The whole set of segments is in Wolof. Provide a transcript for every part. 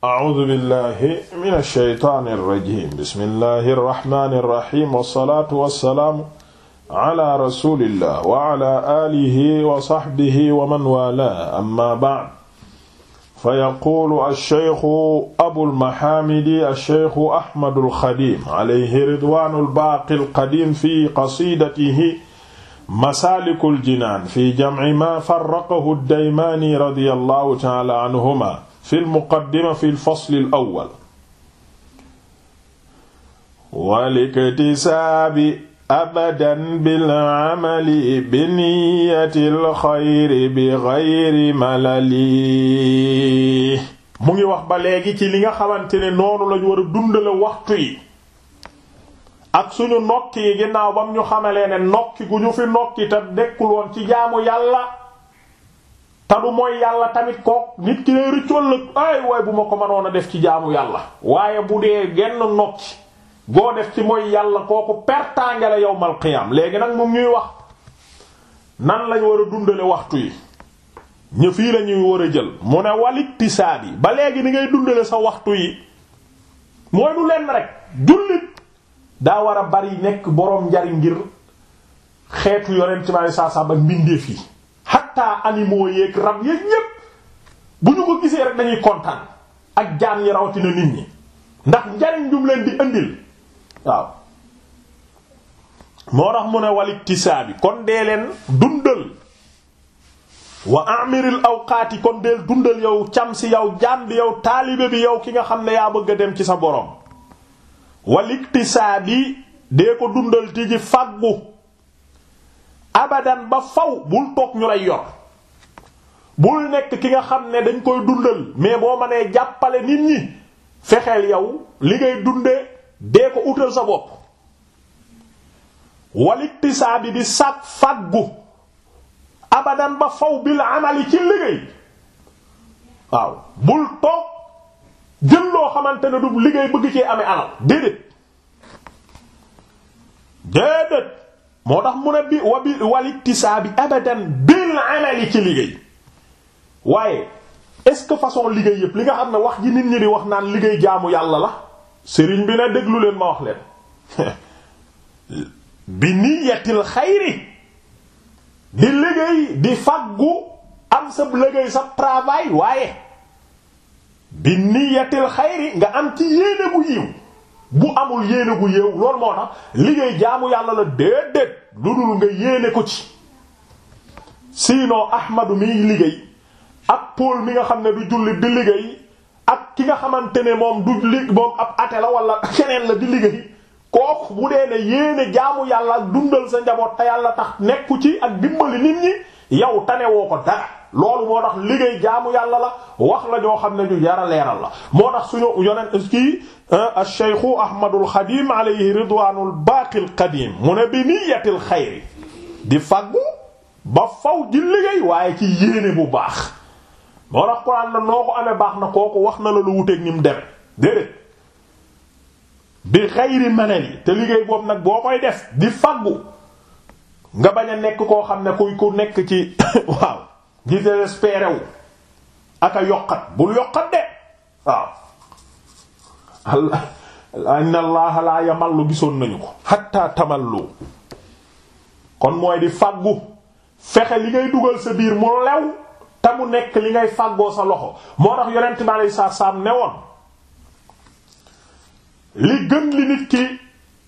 A'uuzu billaahi mina shaytaani rajiim bismillaahi rahmaani rahiim wasalaatu wasalaam ala rasuulillah wa ala aalihi wa saxbihi wa man waalaahu amma ba'd. Fayaquulu ash-shaykhu abul mahaamidi ash-shaykhu Ahmadul Xadiim alayhi ridwaanul baaqil qadiim fi qasiidatihi masaalikul jinaan fi jamci maa farraqahu ad-Daymaani radiyallaahu ta'aalaa anhumaa fi lmuqaddima fi lfasli l awal waliktisaabi abadan bilamali biniyati lxayri bi gayri malali mu ngi wax ba léegi ci li nga xamante ne noonu lañu war a dundale waxtu yi ak suñu nokk yi ginnaaw bam ñu xamalee ne nokki gu ñu fi nokki te dekkul woon ci jaamu yàlla te du mooy yàlla tamit kook nit ki lay rëccool la ay waaye bu ma ko mënoon a def ci jaamu yàlla waaye bu dee genn nokki goo def ci mooy yàlla kooku pertaange la yowmal qiyam léegi nag moom ñuy wax nan lañu war a dundale waxtu yi ñu fii la war a jël mu ne waliktisaab yi ba léegi ni ngay dundale sa waxtu yi mooy du lenn rek jullit daa war a bari nekk boroom njariñ ngir xeetu yonent bi sallallahu alayhi wasallam mbindeef yi xatta animaux yeeg rab yeeg ñépp bu ñu ko gisee rek dañuy kontaan ak jaam ñi rawatina nit ñi ndax njariñ jum leen di indil waaw moo tax mu ne waliktisaabi kon dee leen dundal wa aw xaati kon deel dundal yow cam si yow jaam bi yow taalibe bi yow ki nga xam ne yaa bëgg a dem ci sa borom waliktisaabi dee ko dundal ti ji fàggu abadan ba faw bul toog ñu lay yor bul nekk ki nga xam ne dañ koy dundal mais boo mënee jàppale nit ñi fexeel yow li ngay dunde dee ko utal sa bopp waliktisaabi di sàkk fàggu abadan ba faw bi amali ci liggéey waaw bul toog jël loo xamante ne du liggéey bëgg ci amee alal déedéet déedéet moo tax mu ne bi wa bi wal iktisaabi abadan bil amali ci liggéey waaye est-ce que façon liggéey yëpp li nga xam ne wax ji nit ñi di wax naan liggéey jaamu yàlla la sëriñ bi ne déglu leen ma wax leen bi niyatil xayri di liggéey di faggu am sa liggéey sa travail waaye bi niyatil xayri nga am ci yéene bu yiw bu amul yéene gu yeew loolu moo tax liggéey jaamu yàlla la déedéet lu dul nga yéene ko ci sinon ahmadu mi liggéey ak Paul mi nga xam ne du jullit di liggéey ak ki nga xamante ne moom du li moom ab ate la wala keneen la di liggéey kooku bu dee ne yéene jaamu yàlla ak dundal sa njaboot te yàlla tax nekku ci ak dimbali nit ñi yow tane woo ko dara loolu moo tax liggéey jaamu yàlla la wax la ñoo xam ne ñu yara leeral la moo tax suñu yoneen kii ash-shaykhu ahmadul xadim alayhi ridwanul baaqil qadim mu ne bi niyatil xayri di faggu ba faw ji liggéey waaye ci yéene bu baax moo tax Qur'an na noo ko amee baax na kooku wax na la lu wuteeg ni mu deme déedéet bi xayri manali te liggéey boobu nag boo koy def di faggu nga bañ a nekk koo xam ne kuy ku nekk ci waaw di désespéré wu ak a yokkat bul yokkat de waaw allah inna allaha la yamallu gisoon nañu ko hatta tamallu kon mooy di fàggu fexe li ngay dugal sa biir mu lew te nekk li ngay fàggoo sa loxo moo tax yonent bi aleyhi salaatu ne woon li gën li nit ki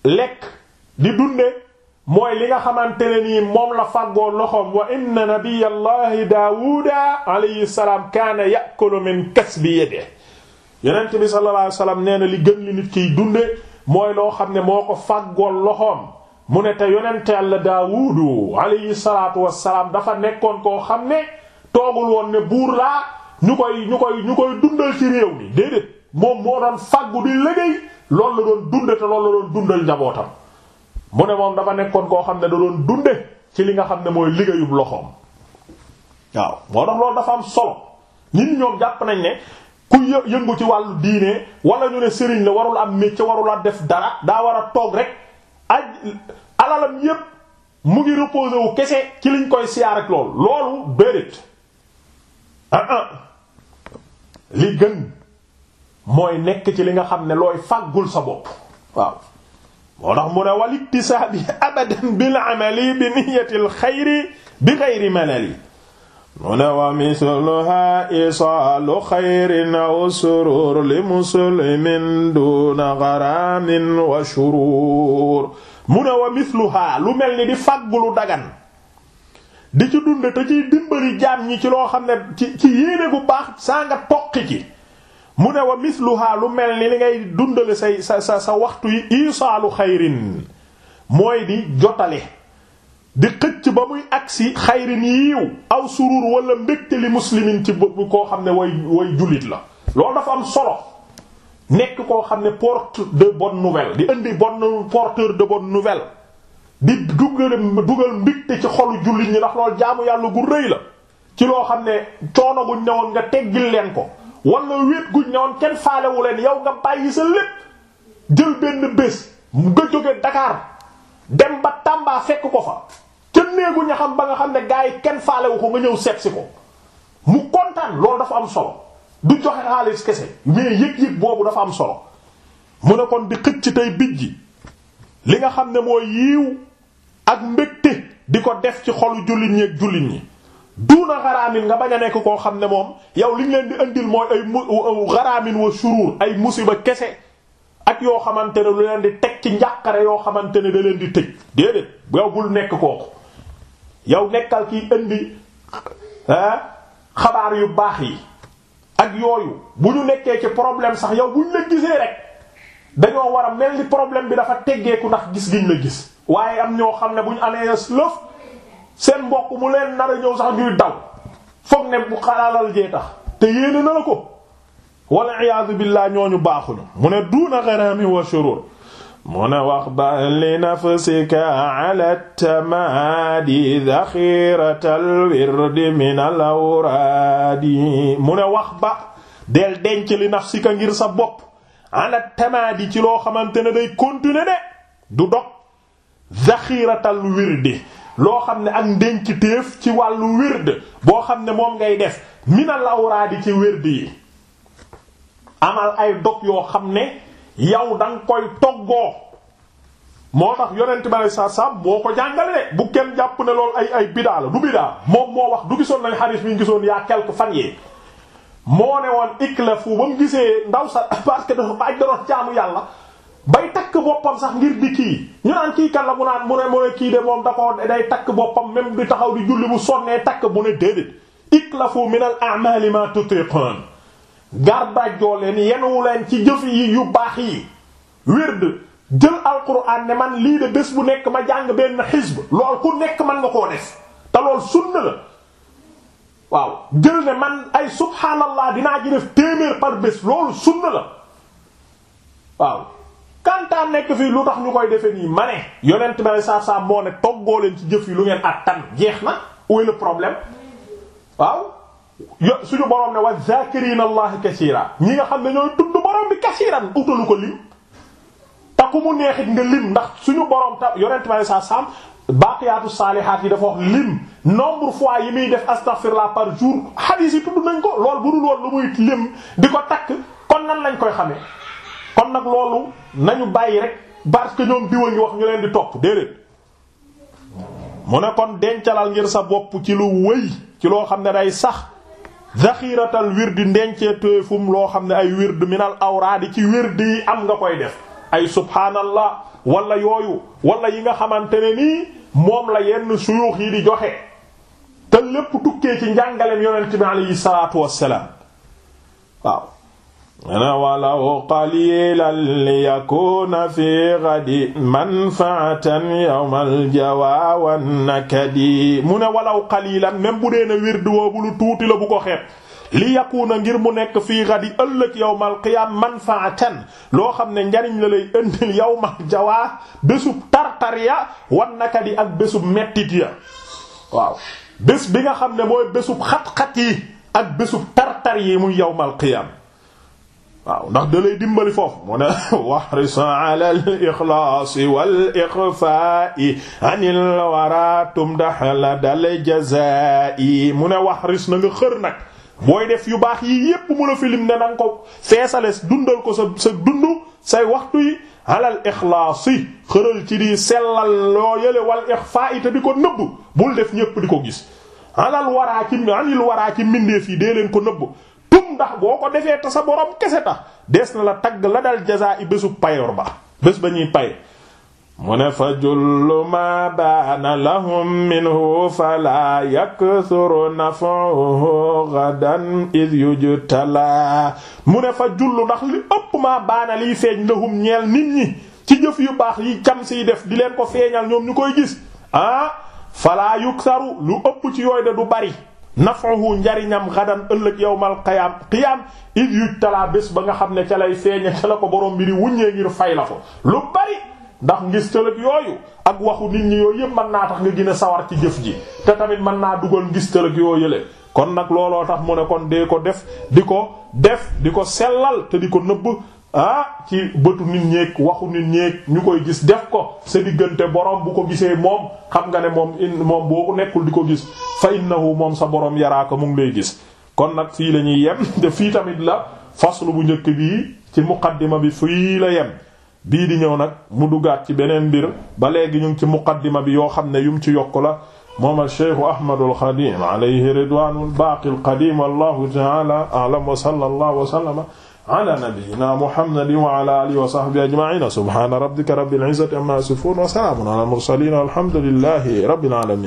lekk di dunde mooy li nga xamante ne nii moom la fàggoo loxoom wa inna nabiyallahi daawuda alayhi salaam kaana ya'kulu min kasbi yadihi yonent bi sallallahu alayhi wasallam nee na li gën li nit kiy dunde mooy loo xam ne moo ko fàggoo loxoom mu ne te yonent Yàlla daawudu alayhi salaatu wassalaam dafa nekkoon koo xam ne toogul woon ne buur laa ñu koy ñu koy ñu koy dundal ci réew mi déedéet moom moo doon fàggu di liggéey loolu la doon dund te loolu la doon dundal njabootam mu ne moom dafa nekkoon koo xam ne da doon dunde ci li nga xam ne mooy liggéeyub loxoom waaw moo tax loolu dafa am sol nit ñoom jàpp nañ ne ku yëngu ci wàllu diine walla ñu ne sëriñ la warul am métier warul a def dara daa war a toog rek aj alalam yépp mu ngi reposé kese ci liñ koy siyaar ak loolu loolu bérit ah, ah. li gën mooy nekk ci li nga xam ne looy fàggul sa bopp waaw moo tax mu ne wal iktisaabi abadan bil amali bi niyyati al bi xayri malali mu ne wa misluha isaalu xayrin aw surur li muslimin duna garamin wa shurur mu ne wa misluha lu mel ni di fàggu lu dagan di ci dund te ciy dimbali jaam ñi ci loo xam ne ci ci bu baax saa nga toqi ci mu ne wa misluha lu mel ni li ngay dundale say sa sa sa waxtu yi isaalu xayrin mooy di jotale di xëcc ba muy agsi xayrin yiiw aw surur wala mbégte li muslimin ci bopp koo xam ne way way jullit la loolu dafa am solo nekk koo xam ne porte de bonne nouvelle di indi bon porteur de bonne nouvelle di dugal dugal mbégte ci xolu jullit ñi ndax loolu jaamu yàlla gu rëy la ci loo xam ne coono guñ newoon nga teggil leen ko wala wéet guñ ne woon kenn faalewu leen yow nga bàyyi sa lépp jël benn bés nga jóge Dakar dem ba Tamba fekk ko fa ca néegu ña xam ba nga xam ne gars yi kenn faalewu ko nga ñëw seet si ko mu kontaan loolu dafa am solo du joxe xaalis kese mais yëg-yëg boobu dafa am solo mu ne kon di xëcc tey bijji li nga xam ne mooy yiw ak mbégte di ko def ci xolu jullit ñi ak jullit ñi duuna xaraamin nga bañ a nekk koo xam ne moom yow li ñu leen di andil mooy ay mu xaraamin wa surur ay musiba kese ak yoo xamante ne lu leen di teg ci njàqare yoo xamante ne da leen di tëj déedéet yow bul nekk kooku yow nekkal kiy indi ah, xabaar yu baax yi ak yooyu bu ñu nekkee ci problème sax yow buñ la gisee rek dañoo war a mel ni problème bi dafa teggeeku ndax gis giñ la gis waaye am ñoo xam ne buñ amee lëf seen mbokk mu leen nar a sax ñuy daw foog ne bu xalaalal jee tax te yéene na la ko walla iyaazu billaah ñooñu baaxuñu mu ne duuna gharami wa shurur mu ne wax ba li nafsika ala tamaadi daxiratal wirdi min al awraadi mu ne wax ba del denc li nafsika ngir sa bopp ala tamaadi ci loo xamante ne day continuer de du dog daxiratal wirdi loo xam ne ak ndénki ci wàllu wird boo xam ne moom ngay def minal awraadi ci wird yi amal ay dog yoo xam ne yow da nga koy toggoo moo tax yonent bi saa saa boo ko jàngale de bu kenn jàpp ne loolu ay ay bidaa la du bidaa moom moo wax du gisoon nañ xaris bi ñu gisoon yaa quelque fan yee moo ne woon iklafu ba mu gisee ndaw sa parce que dafa baaj doon jaamu yàlla bay takk boppam sax ngir di kii ñu naan kii kan la mu naan mu ne mu kii de moom da ko day takk boppam même di taxaw di julli bu sonnee takk bu ne déedéet iklafu min al a'mali ma tutiqun garbajoo leen yenuwu leen ci jëf yi yu baax yi wird jël alquran ne man lii de bés bu nekk ma jàng benn xisb lool ku nekk man nga koo def te lool sunna la waaw jël ne man ay subhaanallah dinaa ji def téeméer par bés loolu sunna la waaw kantaan nekk fii lu tax ñu koy defe nii ma ne yonent ma ne saab-saab moo ne toggoo leen ci jëf yi lu ngeen attan jeex na où est problème waaw yo suñu borom ne wa zakirina allah kasiira ñi nga xam ne ñooy tudd borom bi kasiiran utalu ko lim te ku mu neexit nga lim ndax suñu borom ta yonent ma ne saab-saab baaqiyaatu saalihaat yi dafa wax lim nombre fois yi muy def astaghfirullah par jour hadith yi tudd nañ ko lool bu dul woon lu muy lim di ko takk kon nan lañ koy xamee kon nag loolu nañu bàyyi rek parce que ñoom diwa ñu wax ñu leen di topp déedéet mu ne kon dencalal ngir sa bopp ci lu wëy ci loo xam ne day sax zaxiratal wirdi ndencee téefum loo xam ne ay wirdi minal awraadi ci wirdi yi am nga koy def ay subhaanallah walla yooyu walla yi nga xamante ne nii moom la yenn suyuux yi di joxe te lépp tukkee ci njàngaleem yonent bi alayhi salaatu wassalaam waaw ana walaw qalilan liyakuna fi ghadi manfaatan yawmal jawa wan mu ne walaw qalilan même bu dee ne wirdu woobu lu tuuti la bu ko xeet li yakuna ngir mu nekk fii ghadi ëllëg yawmal qiyaam manfaatan loo xam ne njariñ la lay ëndil yawmal jawa bésub tartar ya wan nakadi ak bésub mettit ya waaw bi nga xam ne mooy bésub xat-xat yi ak bésub tartar yi muy yawmal qiyaam waaw ndax da lay dimbali foofu mu ne wahris ala al ixlaasi wal ixfaai anil wara tumdaxla dal jazai mu ne wahris na nga xër nag booy def yu baax yi yépp mu la filim ne nanga ko feesales dundal ko sa sa dund say waxtu yi alal ixlaasi xëral ci di sellal loo wa wal te di ko nëbb bul def ñépp di ko gis alal waraa ci anil waraa ci leen ko nëbb ndax boo ko defee te sa borom kese tax dees na la tagg la dal jazaa i bésu payoor ba bés ba ñuy pay mu ne fa jullu ma baana lahum minhu fala yaksuru nafuhu gadan id yujtala mu ne fa jullu ndax li ëpp ma baana liy feeñ lahum ñeel nit ñi ci jëf yu baax yi cam siy def di leen ko feeñal ñoom ñu koy gis ah fala yuksaru lu ëpp ci yooy de du bari nafahu njariñam xadan ëllëg yowmal qiyaam qiyaam id yuj talaa bés ba nga xam ne ca lay feeñe ca la ko borom bi di wuññee ngir fay la ko lu bari ndax ngis tëlëg yooyu ak waxu nit ñi yooyu yëpp mën naa tax nga gën sawar ci jëf ji te tamit mën naa dugal ngis tëlëg yooyu yële kon nag looloo tax mu ne kon dee ko def di ko def di ko sellal te di ko nëbb ah ci bëtu nit ñeeg waxu nit ñeeg ñu koy gis def ko sa diggante borom bu ko gisee moom xam nga ne moom in moom boo nekkul di ko gis fa innahu moom sa boroom yaraa ko mu ngi lay gis. kon nag fii lañuy ñuy yem te fii tamit la faslu bu njëkk bii ci muqaddima bi fii la yem bii di ñëw nag mu duggaat ci beneen mbir ba léegi ñu ngi ci muqaddima bi yoo xam ne yum ci yokk la. moom alcheikh ahmadul xadim alayhi ridwanul baaqil qadim wallahu ta'ala a'lam wa sallallahu wa ala nabiyyina muhammadin wa ala alihi wa sahbihi ajma'ina subhana rabbika rabbil izzati amma yasifun wa salamun ala al mursalin walhamdulillahi rabbil alamin